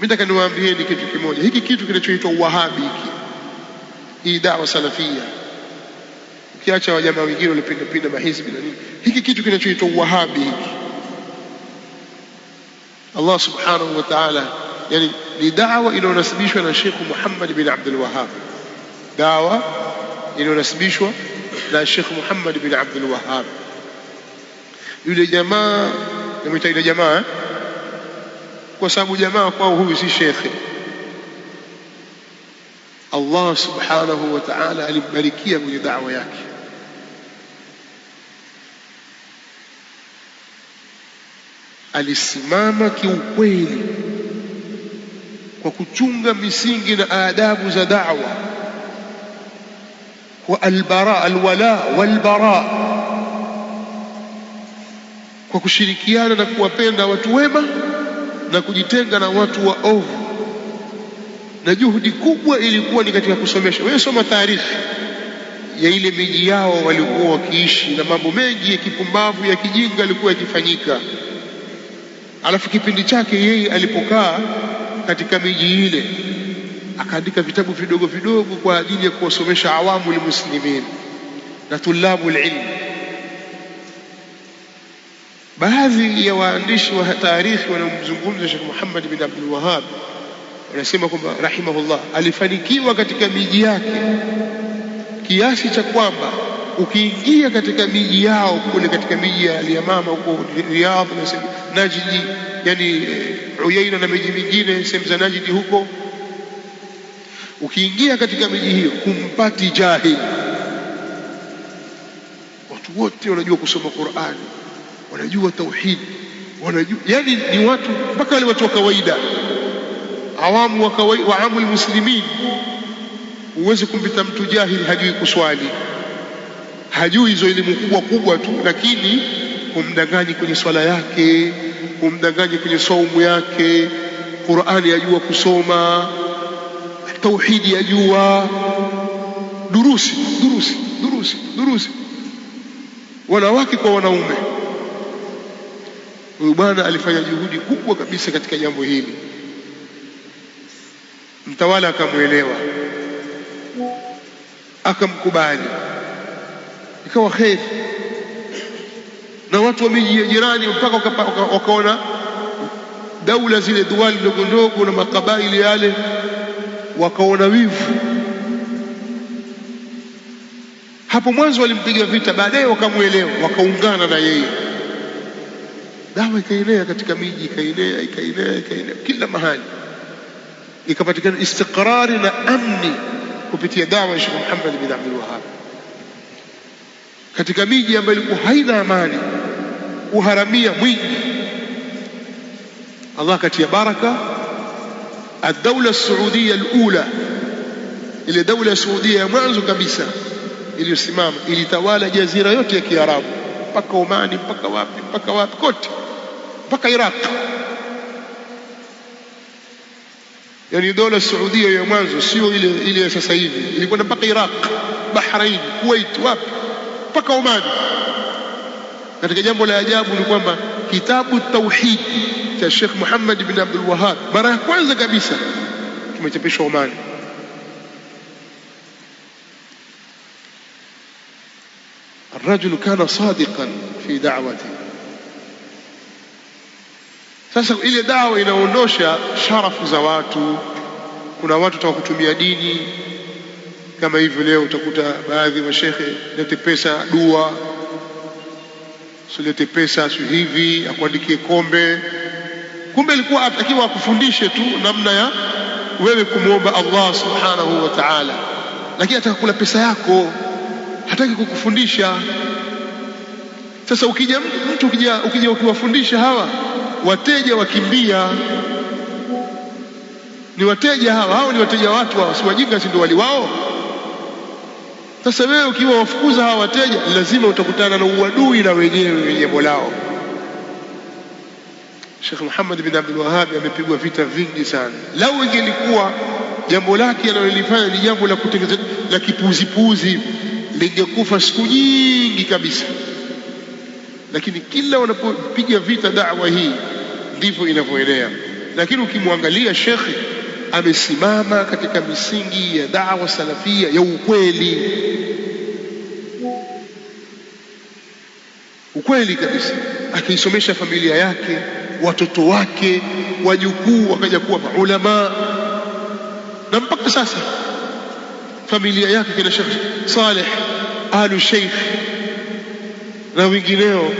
Mimi niwaambieni kitu kimoja, hiki kitu kinachoitwa uwahabi hiki, hii dawa salafia, ukiacha wajama wengine walipindapinda mahizbi na nini, hiki kitu kinachoitwa uwahabi hiki, Allah subhanahu wa ta'ala, yani ni dawa iliyonasibishwa na Sheikh Muhammad bin Abdul Wahhab, dawa iliyonasibishwa na Sheikh Muhammad bin Abdul Wahhab, yule jamaa, namwita yule jamaa eh? kwa sababu jamaa kwao huyu si shekhe. Allah subhanahu wa ta'ala alimbarikia kwenye da'wa yake. Alisimama kiukweli kwa kuchunga misingi na adabu za da'wa kwa albara alwala walbara, kwa kushirikiana na kuwapenda watu wema na kujitenga na watu wa ovu na juhudi kubwa ilikuwa ni katika kusomesha. Wewe soma taarifa ya ile miji yao walikuwa wakiishi, na mambo mengi ya kipumbavu ya kijinga yalikuwa yakifanyika. Alafu kipindi chake yeye alipokaa katika miji ile, akaandika vitabu vidogo vidogo kwa ajili ya kuwasomesha awamu lmuslimin na tulabu lilmi Baadhi ya waandishi wa taarikhi wanaomzungumza Sheikh Muhammad bin Abdul Wahhab wanasema kwamba rahimahullah alifanikiwa katika miji yake kiasi cha kwamba ukiingia katika miji yao kule katika miji ya yamama huko Riyadh na Najdi, yani eh, Uyaina na miji mingine sehemu za Najdi huko, ukiingia katika miji hiyo kumpati jahili, watu wote wanajua kusoma Qur'ani wanajua tauhid wanajua yani ni watu mpaka wale watu wa kawaida, awamu wa kawaida, waamu almuslimin. Huwezi kumpita mtu jahili, hajui kuswali, hajui hizo elimu kubwa kubwa tu, lakini humdanganyi kwenye swala yake, humdanganyi kwenye saumu yake. Qur'ani yajua kusoma, tauhidi yajua, durusi durusi durusi durusi, wanawake kwa wanaume Huyu bwana alifanya juhudi kubwa kabisa katika jambo hili. Mtawala akamwelewa akamkubali, ikawa kheri, na watu wa miji ya jirani mpaka wakaona daula zile duali ndogo ndogo na makabaili yale wakaona wivu. Hapo mwanzo walimpiga vita, baadaye wakamwelewa, wakaungana na yeye dawa ikaenea katika miji, ikaenea ikaenea ikaenea kila mahali, ikapatikana istiqrari na amni kupitia dawa ya Sheikh Muhammad bin Abdul Wahhab katika miji ambayo ilikuwa haina amani, uharamia mwingi. Allah katia baraka ad saudia as ile daula ya Saudia ya mwanzo kabisa iliyosimama, ilitawala jazira yote ya Kiarabu mpaka Omani mpaka wapi mpaka wapi kote. mpaka Iraq. Yaani dola Saudia ya mwanzo sio ile ile ya sasa hivi, ilikwenda mpaka Iraq, Bahrain, Kuwait, wapi mpaka Oman. Katika jambo la ajabu ni kwamba kitabu Tauhid cha Sheikh Muhammad bin Abdul Wahhab mara ya kwanza kabisa kimechapishwa Oman. الرجل كان صادقا في دعوته Sasa ile dawa inaondosha sharafu za watu. Kuna watu wataka kutumia dini kama hivyo. Leo utakuta baadhi ya shekhe lete pesa dua, silete pesa si hivi, akuandikie kombe. Kumbe alikuwa atakiwa akufundishe tu namna ya wewe kumwomba Allah subhanahu wa ta'ala, lakini ataka kula pesa yako, hataki kukufundisha. Sasa ukija mtu ukija ukiwafundisha hawa wateja wakimbia. Ni wateja hawa, hao ni wateja watu hao, si wajinga, si ndio wali wao? Sasa wewe ukiwa wafukuza hawa wateja, lazima utakutana na uadui na wenyewe wenye jambo Sheikh Muhammad bin Abdul Wahhab amepigwa vita vingi sana. Lau ingelikuwa jambo lake analolifanya ni jambo la kutengeneza la kipuuzipuuzi, lingekufa siku nyingi kabisa, lakini kila wanapopiga vita dawa hii ndivyo inavyoelea. Lakini ukimwangalia shekhe amesimama katika misingi ya dawa salafia ya ukweli, ukweli kabisa, akiisomesha familia yake, watoto wake, wajukuu wakaja kuwa maulamaa, na mpaka sasa familia yake kina Sheikh Saleh Alu Sheikh na wengineo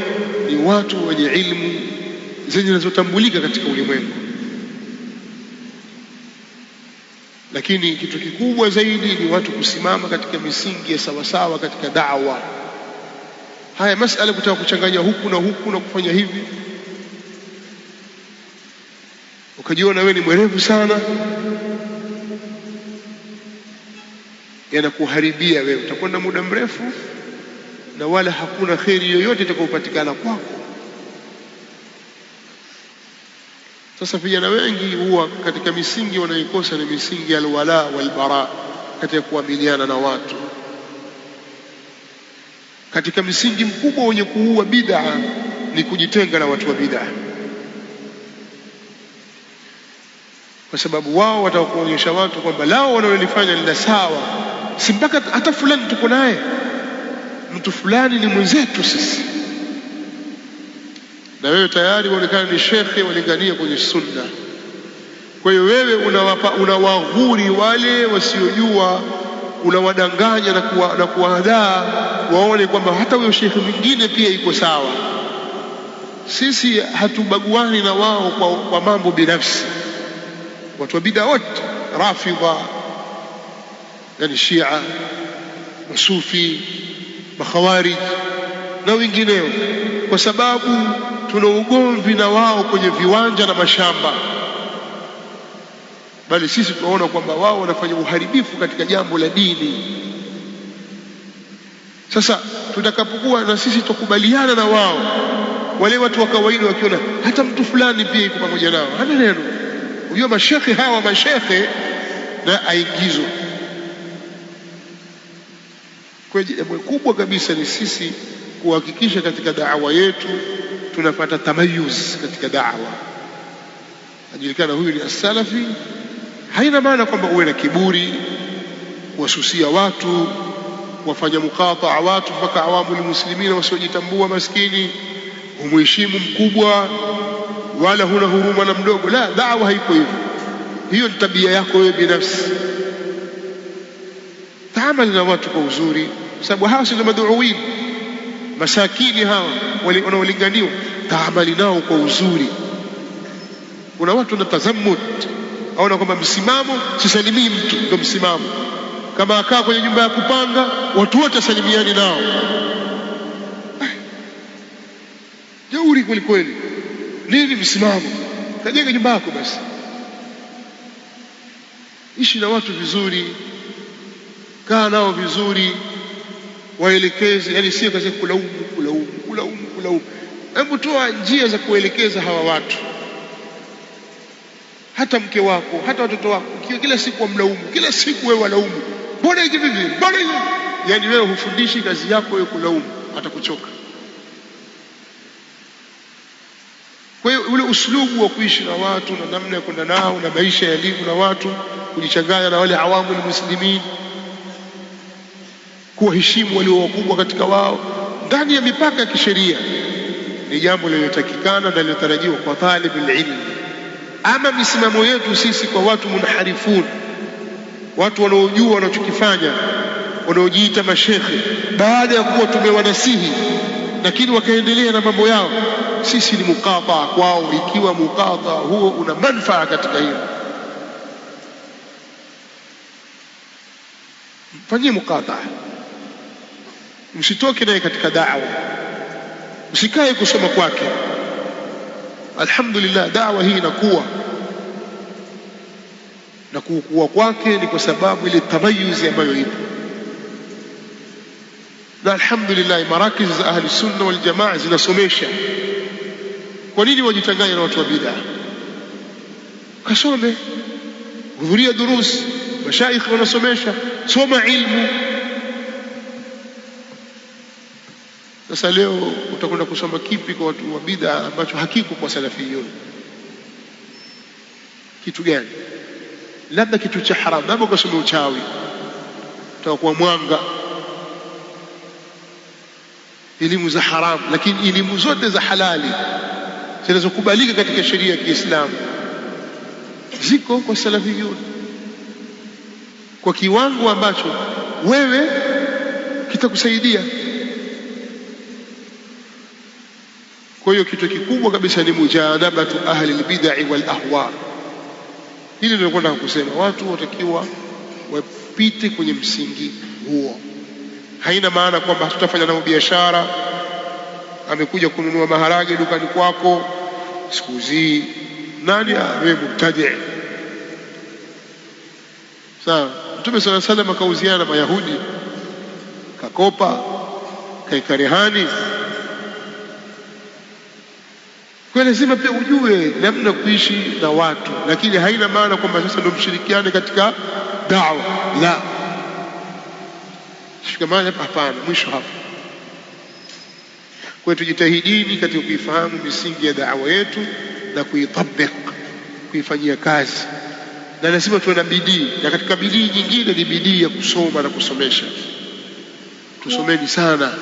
ni watu wenye ilmu zinazotambulika katika ulimwengu. Lakini kitu kikubwa zaidi ni watu kusimama katika misingi ya sawasawa katika da'wa. Haya masala kutaka kuchanganya huku na huku na kufanya hivi ukajiona wewe ni mwerevu sana, yanakuharibia wewe, utakwenda muda mrefu na wala hakuna kheri yoyote itakayopatikana kwako. Sasa vijana wengi huwa katika misingi wanayokosa ni misingi ya alwala walbara, katika kuaminiana na watu, katika misingi mkubwa wenye kuua bid'a ni kujitenga na watu wa bid'a, kwa sababu wao watakuonyesha watu kwamba lao wanalolifanya ni sawa, si mpaka hata fulani tuko naye, mtu fulani ni mwenzetu sisi na wewe tayari unaonekana ni shekhe, walingania kwenye sunna. Kwa hiyo wewe unawaghuri wale wasiojua, unawadanganya na, kuwa, na kuwahadaa waone kwamba hata huyo shekhe mwingine pia iko sawa. Sisi hatubaguani na wao kwa, kwa mambo binafsi. Watu wa bida wote Rafidha, yani Shia, Masufi, makhawariji na wengineo, kwa sababu tuna ugomvi na wao kwenye viwanja na mashamba, bali sisi tunaona kwamba wao wanafanya uharibifu katika jambo la dini. Sasa tutakapokuwa na sisi tukubaliana na wao, wale watu wa kawaida wakiona hata mtu fulani pia yuko pamoja nao, hana neno. Unajua mashekhe hawa mashekhe na aingizwe kwa jambo kubwa kabisa ni sisi kuhakikisha katika daawa yetu tunapata tamayuz katika da'wa, najulikana huyu ni as Haina maana kwamba uwe na kiburi, wasusia watu, wafanya mukataa watu mpaka awamu lmuslimina wasiojitambua, maskini, humheshimu mkubwa, wala huna huruma na mdogo. La, da'wa haiko hivyo. Hiyo ni tabia yako wewe binafsi. Taamali na watu kwa uzuri, kwa sababu hawa si maduuin Mashakili hawa wanaolinganiwa, taamali nao kwa uzuri. Kuna watu na tazamut, aona kwamba msimamo, sisalimii mtu, ndio msimamo. Kama akaa kwenye nyumba ya kupanga, watu wote asalimiani nao. Jeuri kweli kweli! Nini msimamo? Kajenga nyumba yako basi, ishi na watu vizuri, kaa nao vizuri waelekeze, yani sio kazi kulaumu, kulaumu, kulaumu, kulaumu. Hebu toa njia za kuelekeza hawa watu, hata mke wako, hata watoto wako, ukiwa kila siku wamlaumu, kila siku wewe walaumu, mbona hivi vivi, mbona hivi, yani wewe hufundishi kazi yako wewe kulaumu, atakuchoka. Kwa hiyo ule uslubu wa kuishi na watu na namna ya kwenda nao na maisha yalivyo na watu, kujichanganya na wale awamu muslimin kuwaheshimu walio wakubwa katika wao ndani ya mipaka ya kisheria ni jambo linalotakikana na linatarajiwa kwa talib ilmi. Ama misimamo yetu sisi kwa watu munharifun, watu wanaojua wanachokifanya, wanaojiita mashekhe, baada ya kuwa tumewanasihi lakini wakaendelea na mambo yao, sisi ni mukataa kwao, ikiwa mukataa huo una manfaa katika hiyo, fanyie mukataa msitoke naye katika da'wa, msikae kusoma kwake. Alhamdulillah, da'wa hii inakuwa na kuukua kwake ni kwa sababu ile tamayuzi ambayo ipo, na alhamdulillah marakizi za ahli sunna wal jamaa zinasomesha. Kwa nini wajitanganya na watu wa bid'a? Kasome, hudhuria durus, mashaikh wanasomesha, soma ilmu Sasa leo utakwenda kusoma kipi kwa watu wa bid'a ambacho hakiko kwa salafiyun? Kitu gani? Labda kitu cha haramu, labda ukasoma uchawi, utakuwa mwanga elimu za haramu. Lakini elimu zote za halali zinazokubalika katika sheria ya Kiislamu ziko kwa salafiyun kwa kiwango ambacho wewe kitakusaidia Kwa hiyo kitu kikubwa kabisa ni mujanabatu ahli lbidai wal ahwa. Hili ndio nilikuwa nataka kusema, watu watakiwa wapite kwenye msingi huo. Haina maana kwamba hatutafanya nao biashara. Amekuja kununua maharage dukani kwako, siku hizi nani awe mubtadi? Sawa, Mtume sala salam akauziana na Mayahudi, kakopa, kaikarehani kwa lazima pia ujue namna kuishi na watu, lakini haina maana kwamba sasa ndio mshirikiane katika dawa la shikamana, hapana, mwisho hapo. Kwa hiyo tujitahidini katika kuifahamu misingi ya dawa yetu na kuitabik, kuifanyia kazi, na lazima tuwe na bidii, na katika bidii nyingine ni bidii ya kusoma na kusomesha. Tusomeni sana,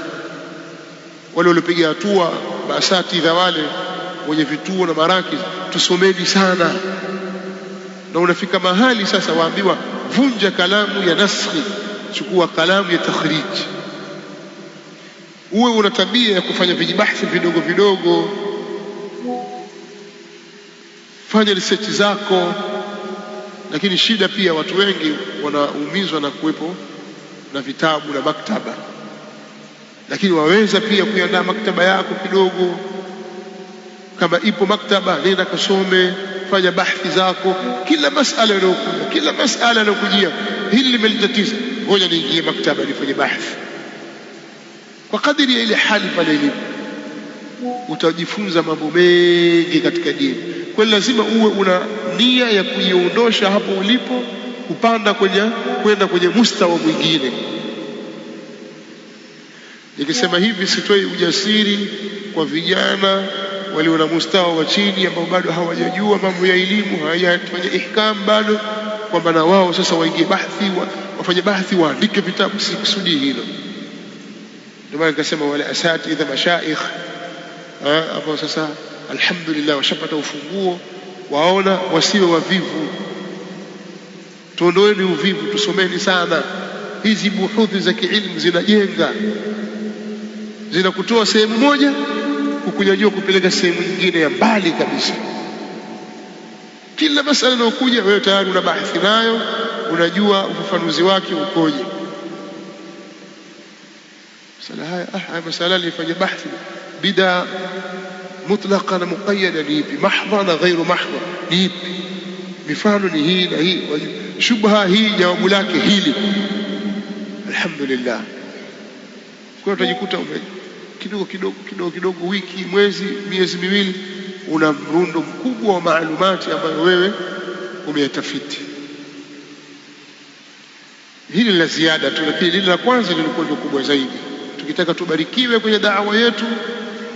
wale waliopiga hatua basati za wale wenye vituo na maraki tusomeni sana. Na unafika mahali sasa waambiwa vunja kalamu ya naskhi, chukua kalamu ya takhrij. Uwe una tabia ya kufanya vijibahthi vidogo vidogo, fanya research zako. Lakini shida pia, watu wengi wanaumizwa na kuwepo na vitabu na maktaba, lakini waweza pia kuiandaa maktaba yako kidogo kama ipo maktaba, nenda kasome, fanya bahthi zako. Kila masala yanayokuja, kila masala yanayokujia, hili limelitatiza, ngoja niingie maktaba nifanye bahthi. Kwa kadiri ya ile hali pale ilipo, utajifunza mambo mengi katika dini. Kwani lazima uwe una nia ya kujiondosha hapo ulipo, kupanda kwenye kwenda kwenye mustawa mwingine. Nikisema hivi, sitoi ujasiri kwa vijana walio na mustawa wa chini ambao bado hawajajua mambo ya elimu, hawajafanya ihkam bado, kwamba na wao sasa waingie bahthi, wafanye bahthi, waandike vitabu. kusudi hilo, ndio maana nikasema wale asatidha mashaikh ambao sasa alhamdulillah washapata ufunguo, waona wasiwe wavivu. Tuondoeni uvivu, tusomeni sana. Hizi buhudhi za kiilmu zinajenga, zinakutoa sehemu moja kukunyanyua kupeleka sehemu nyingine ya mbali kabisa. Kila masala inayokuja wewe tayari una bahthi nayo, unajua ufafanuzi wake ukoje. Masala haya ah, haya masala nilifanya bahthi, bidaa mutlaqa na muqayada ni ipi? Mahdha na ghairu mahdha ni ipi? Mifano ni hii na hii, shubha hii, jawabu lake hili. Alhamdulillah, kwa utajikuta ume kidogo kidogo kidogo kidogo, wiki, mwezi, miezi miwili, una mrundo mkubwa wa maalumati ambayo wewe umeyatafiti. Hili la ziada tu, lakini lile la kwanza lilikuwa ndio kubwa zaidi. Tukitaka tubarikiwe kwenye da'wa yetu,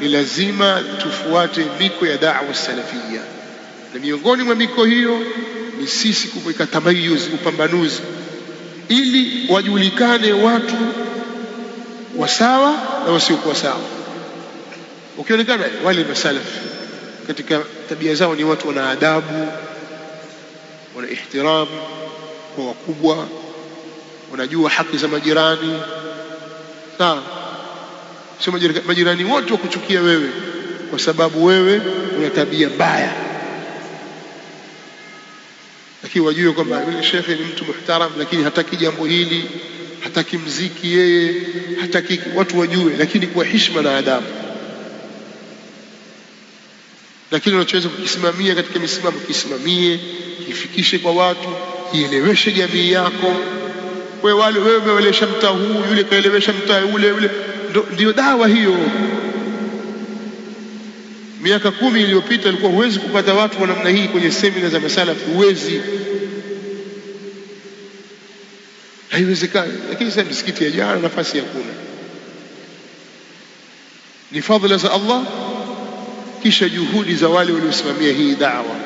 ni lazima tufuate miko ya da'wa salafia, na miongoni mwa miko hiyo ni sisi kuweka tamayuz, upambanuzi, ili wajulikane watu wasawa na wasiokuwa sawa. Ukionekana wale masalaf katika tabia zao ni watu wana adabu, wana ihtiram kwa wakubwa, wanajua haki za majirani. Sawa, sio majirani wote wakuchukia wewe kwa sababu wewe una tabia mbaya, lakini wajue kwamba yule shekhe ni mtu muhtaram, lakini hataki jambo hili hataki mziki yeye, hataki watu wajue, lakini kwa heshima na adabu na kile unachoweza kukisimamia katika misimamo kisimamie, kifikishe kwa watu, kieleweshe jamii yako. Wewe wale wewe umeelewesha mtaa huu, yule kaelewesha mtaa ule ule, ndio dawa hiyo. Miaka kumi iliyopita ilikuwa huwezi kupata watu wa namna hii kwenye semina za masalafi, huwezi haiwezekani. Lakini sasa misikiti ya jana nafasi hakuna, ni fadhila za Allah, kisha juhudi za wale waliosimamia hii dawa.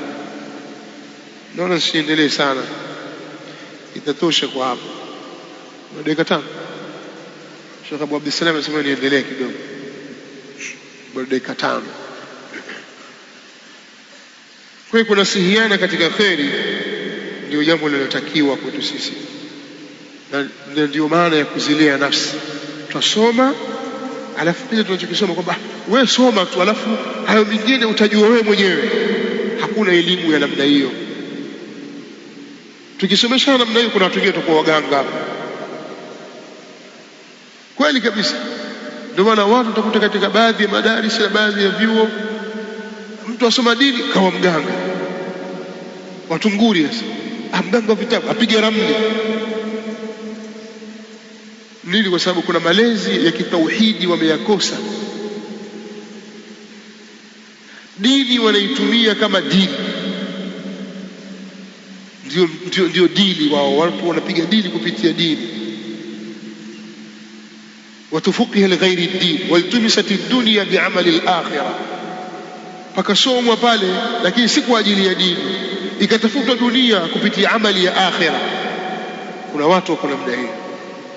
Naona siendelee sana, itatosha kwa hapo na dakika tano. Sheikh Abu Abdissalam anasema niendelee kidogo, bado dakika tano. Kwa hiyo kunasihiana katika kheri ndio jambo linalotakiwa kwetu sisi na ndio maana ya kuzilea nafsi. twasoma alafu kile tunachokisoma kwamba we soma tu, alafu hayo mingine utajua wewe mwenyewe. Hakuna elimu ya namna hiyo. Tukisomeshana namna hiyo, kuna watu wengine tutakuwa waganga kweli kabisa. Ndio maana watu utakuta katika baadhi ya madaris na baadhi ya vyuo mtu asoma dini kawa mganga, watunguri sasa, amganga ah, wa vitabu, apiga ramli nini? Kwa sababu kuna malezi ya kitauhidi wameyakosa. Dini wanaitumia kama dini, ndio, ndio, ndio dini wao. Watu wanapiga dini kupitia dini, watufukiha lighairi dini waltumisat dunya biamali lakhira, pakasomwa pale, lakini si kwa ajili ya dini, ikatafutwa dunia kupitia amali ya akhira. Kuna watu wako namna hiyo.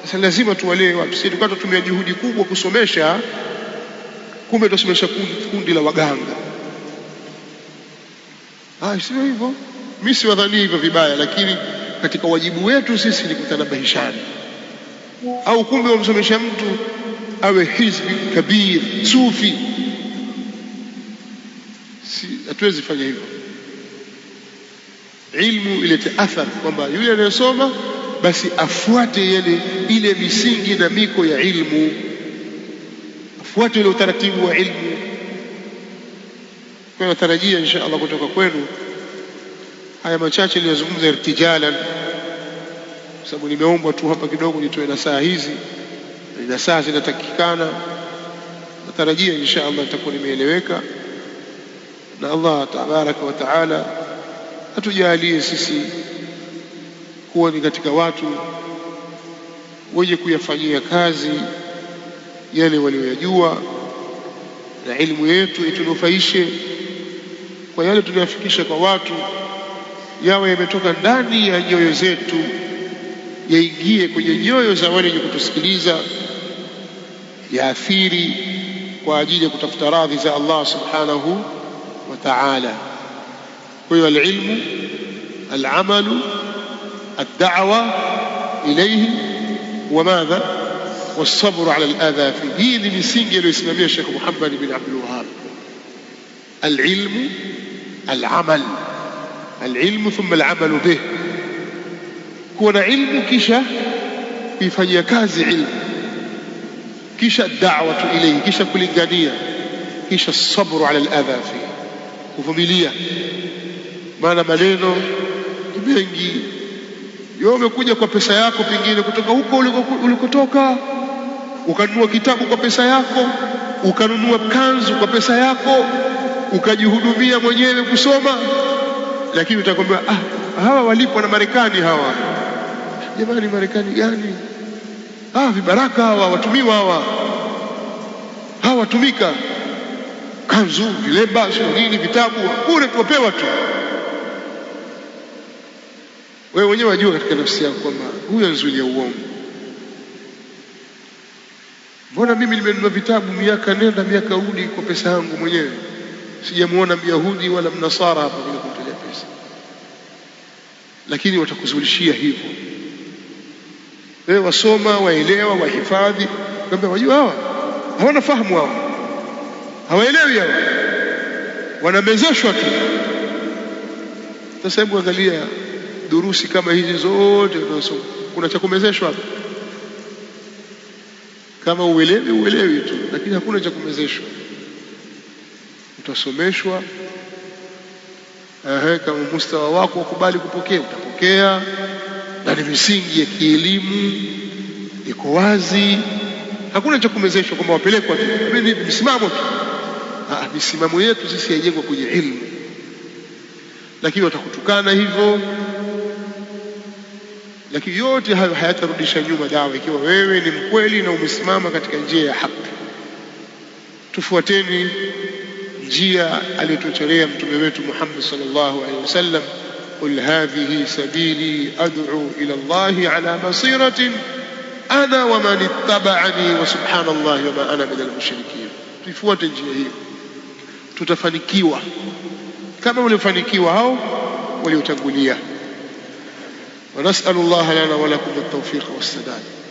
Sasa lazima tuwalee watu. Sisi tulikuwa tunatumia juhudi kubwa kusomesha, kumbe tunasomesha kundi la waganga. Ah, sio hivyo. Mimi siwadhani hivyo vibaya, lakini katika wajibu wetu sisi ni kutanabahishana. Au kumbe wamsomesha mtu awe hizbi kabir sufi, si hatuwezi fanya hivyo. Ilmu ilete athari kwamba yule anayesoma basi afuate yale ile misingi na miko ya ilmu, afuate ile utaratibu wa ilmu. Kwa natarajia insha Allah kutoka kwenu haya machache niliyozungumza irtijalan, kwa sababu nimeombwa tu hapa kidogo nitoe na saa hizi na saa zinatakikana. Natarajia insha Allah nitakuwa nimeeleweka, na Allah tabaraka wa taala atujalie sisi kuwa ni katika watu wenye kuyafanyia kazi yale walioyajua, na elimu yetu itunufaishe kwa yale tunayafikisha kwa watu, yawe yametoka ndani ya nyoyo zetu, yaingie kwenye nyoyo za wale wenye kutusikiliza, yaathiri kwa ajili ya kutafuta radhi za Allah subhanahu wa ta'ala. Kwa hiyo alilmu alamalu الدعوة إليه وماذا والصبر ala aladha fi. Hii ni misingi aliyoisimamia Sheikh Muhammad bin Abdul Wahhab, alilmu alamal, alilmu thumma alamalu bih, kuwa na ilmu kisha kuifanyia kazi ilmu, kisha da'watu ilayhi, kisha kulingania, kisha sabru ala aladha fi, kuvumilia. Maana maneno mengi wewe umekuja kwa pesa yako, pengine kutoka huko ulikotoka, ukanunua kitabu kwa pesa yako, ukanunua kanzu kwa pesa yako, ukajihudumia mwenyewe kusoma, lakini utakwambia ah, hawa walipwa na Marekani hawa. Jamani, Marekani gani? Ah, vibaraka hawa, watumiwa hawa, hawa watumika, kanzu, vilemba, sio nini, vitabu bure, tuwapewa tu wewe mwenyewe wajua katika nafsi yako kwamba huyo ya uongo. Mbona mimi nimenunua vitabu miaka nenda miaka rudi kwa pesa yangu mwenyewe, sijamwona myahudi wala mnasara hapa bila kumtolea pesa, lakini watakuzulishia hivyo. Wewe wasoma, waelewa, wahifadhi, kwamba wajua hawa hawana fahamu, hawa hawaelewi, hawa wanamezeshwa tu. Sasa hebu angalia durusi kama hizi zote kuna cha kumezeshwa? Kama uelewi uelewi tu, lakini hakuna cha kumezeshwa. Utasomeshwa ehe, kama mustawa wako wakubali kupokea, utapokea na ni misingi ya kielimu iko wazi, hakuna cha kumezeshwa kwamba wapelekwa tu misimamo tu. Ah, misimamo yetu sisi haijengwa kwenye ilmu, lakini watakutukana hivyo. Lakini yote hayo hayatarudisha nyuma dawa, ikiwa wewe ni mkweli na umesimama katika njia ya haki. Tufuateni njia aliyotuchorea mtume wetu Muhammad sallallahu alaihi wasallam, qul hadhihi sabili ad'u ila Allahi ala basiratin ana wa man ittaba'ani wa subhanallahi wa ma ana min al Tuifuate njia hiyo, tutafanikiwa kama waliofanikiwa hao waliotangulia. ونسأل الله لنا ولكم التوفيق والسداد